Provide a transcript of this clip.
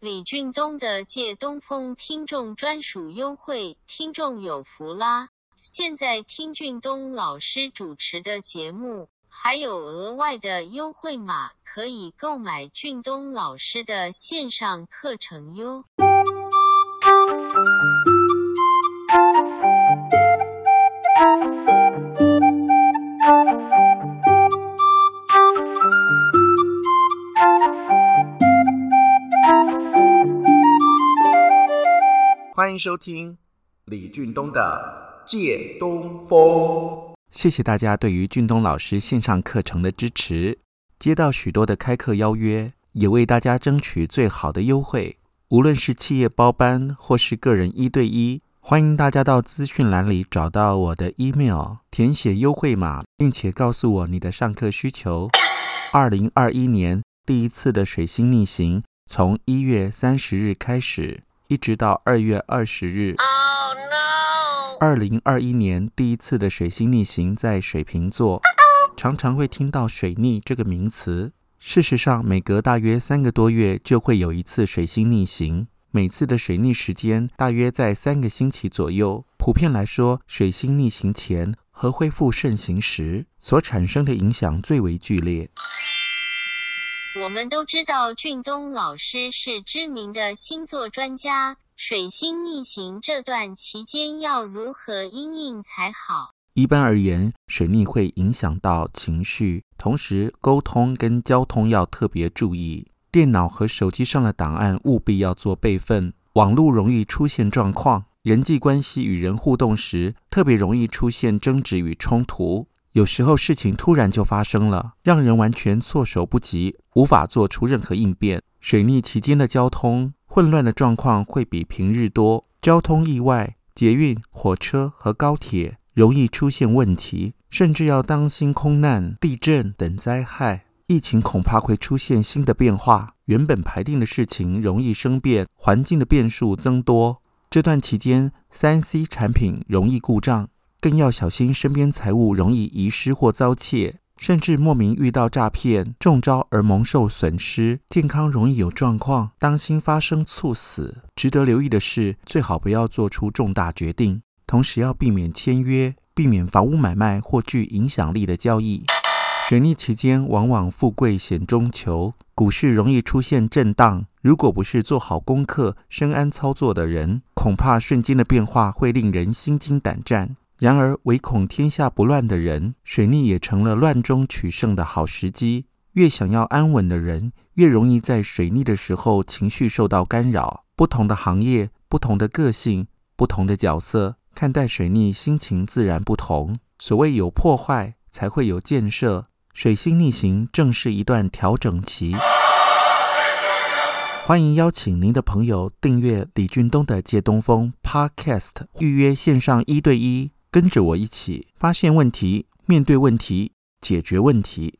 李俊東的借東風，聽眾專屬優惠，聽眾有福啦！現在聽俊東老師主持的節目，還有額外的優惠碼，可以購買俊東老師的線上課程喲。歡迎收聽李俊東的《借東風》。謝謝大家對於俊東老師線上課程的支持。接到許多的開課邀約，也為大家爭取最好的優惠。無論是企業包班，或是個人一對一，歡迎大家到資訊欄裡找到我的 email，填寫優惠碼，並且告訴我你的上課需求。二零二一年第一次的水星逆行，從一月三十日開始。一直到二月二十日，二零二一年第一次的水星逆行在水瓶座。常常會聽到“水逆”這個名詞。事實上，每隔大約三個多月就會有一次水星逆行，每次的水逆時間大約在三個星期左右。普遍來說，水星逆行前和恢復順行時所產生的影響最為劇烈。我們都知道，俊東老師是知名的星座專家。水星逆行這段期間要如何因應才好？一般而言，水逆會影響到情緒，同時溝通跟交通要特別注意。電腦和手機上的檔案務必要做備份，網絡容易出現狀況。人際關係與人互動時，特別容易出現爭執與衝突。有時候事情突然就發生了，讓人完全措手不及，無法做出任何應變。水逆期間的交通混亂的狀況會比平日多，交通意外、捷運、火車和高鐵容易出現問題，甚至要當心空難、地震等災害。疫情恐怕會出現新的變化，原本排定的事情容易生變，環境的變數增多。這段期間，3C 產品容易故障。更要小心，身邊財物容易遺失或遭竊，甚至莫名遇到詐騙，中招而蒙受損失；健康容易有狀況，當心發生猝死。值得留意的是，最好不要做出重大決定，同時要避免簽約，避免房屋買賣或具影響力的交易。水逆期間，往往富貴險中求，股市容易出現震盪。如果不是做好功課、深諳操作的人，恐怕瞬間的變化會令人心驚膽戰。然而，唯恐天下不亂的人，水逆也成了亂中取勝的好時機。越想要安穩的人，越容易在水逆的時候情緒受到干擾。不同的行業、不同的個性、不同的角色，看待水逆心情自然不同。所謂有破壞，才會有建設。水星逆行正是一段調整期。歡迎邀請您的朋友訂閱李俊東的《借東風》Podcast，預約線上一對一。跟着我一起，發現問題，面對問題，解決問題。